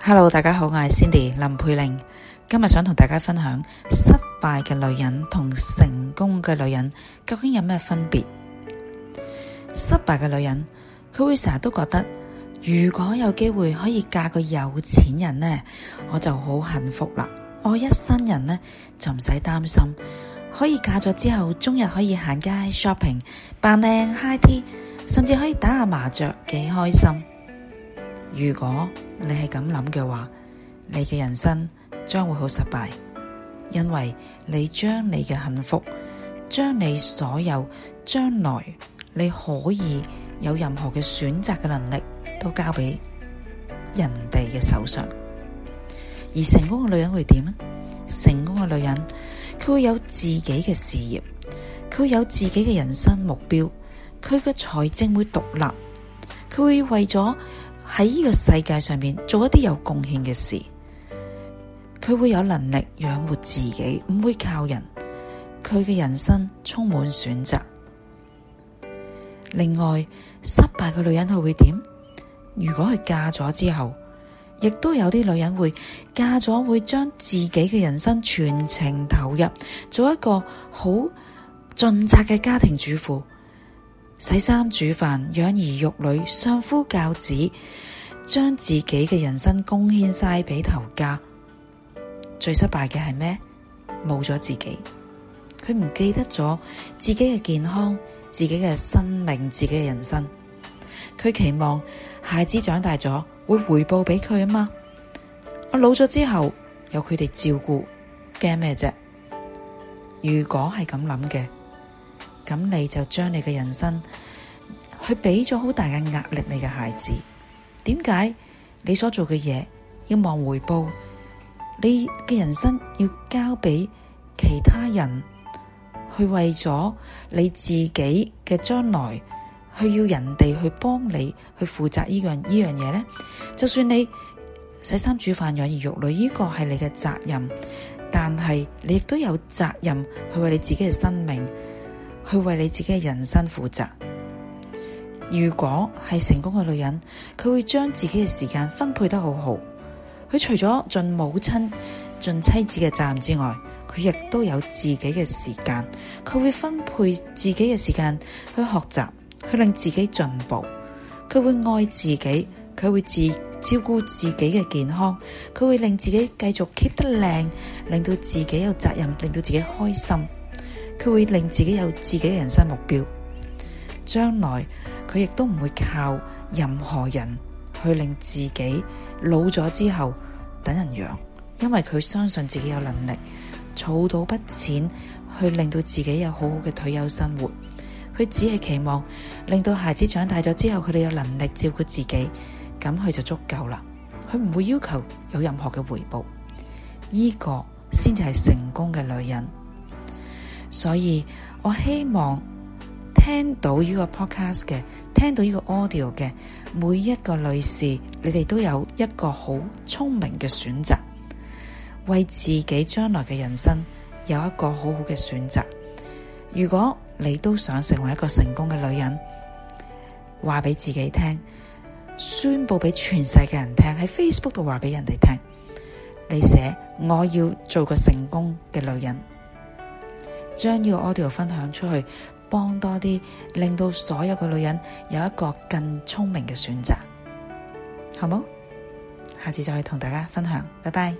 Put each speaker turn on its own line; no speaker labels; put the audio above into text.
Hello，大家好，我係 Cindy 林佩玲。今日想同大家分享失敗嘅女人同成功嘅女人究竟有咩分別？失敗嘅女人，佢會成日都覺得，如果有機會可以嫁個有錢人呢，我就好幸福啦。我一生人呢就唔使擔心，可以嫁咗之後，終日可以行街 shopping，扮靚 high tea，甚至可以打下麻雀，幾開心。如果你係咁諗嘅話，你嘅人生將會好失敗，因為你將你嘅幸福、將你所有將來你可以有任何嘅選擇嘅能力，都交俾人哋嘅手上。而成功嘅女人會點呢？成功嘅女人佢會有自己嘅事業，佢會有自己嘅人生目標，佢嘅財政會獨立，佢會為咗。喺呢個世界上面做一啲有貢獻嘅事，佢會有能力養活自己，唔會靠人。佢嘅人生充滿選擇。另外，失敗嘅女人佢會點？如果佢嫁咗之後，亦都有啲女人會嫁咗，會將自己嘅人生全情投入，做一個好盡責嘅家庭主婦。洗衫煮飯、養兒育女、相夫教子，將自己嘅人生貢獻晒俾頭家。最失敗嘅係咩？冇咗自己，佢唔記得咗自己嘅健康、自己嘅生命、自己嘅人生。佢期望孩子長大咗會回報俾佢啊嘛。我老咗之後有佢哋照顧，驚咩啫？如果係咁諗嘅。咁你就將你嘅人生，去俾咗好大嘅壓力你嘅孩子。點解你所做嘅嘢要望回報？你嘅人生要交俾其他人去為咗你自己嘅將來，去要人哋去幫你去負責呢樣呢樣嘢呢？就算你洗衫、煮飯、養兒育女，呢個係你嘅責任，但係你亦都有責任去為你自己嘅生命。去為你自己嘅人生負責。如果係成功嘅女人，佢會將自己嘅時間分配得好好。佢除咗盡母親、盡妻子嘅責任之外，佢亦都有自己嘅時間。佢會分配自己嘅時間去學習，去令自己進步。佢會愛自己，佢會自照顧自己嘅健康。佢會令自己繼續 keep 得靚，令到自己有責任，令到自己開心。佢會令自己有自己嘅人生目標，將來佢亦都唔會靠任何人去令自己老咗之後等人養，因為佢相信自己有能力儲到筆錢去令到自己有好好嘅退休生活。佢只係期望令到孩子長大咗之後佢哋有能力照顧自己，咁佢就足夠啦。佢唔會要求有任何嘅回報。呢個先至係成功嘅女人。所以我希望聽到呢個 podcast 嘅，聽到呢個 audio 嘅，每一個女士，你哋都有一個好聰明嘅選擇，為自己將來嘅人生有一個好好嘅選擇。如果你都想成為一個成功嘅女人，話俾自己聽，宣布俾全世界人聽，喺 Facebook 度話俾人哋聽，你寫我要做個成功嘅女人。將呢個 audio 分享出去，幫多啲，令到所有嘅女人有一個更聰明嘅選擇，好冇？下次再同大家分享，拜拜。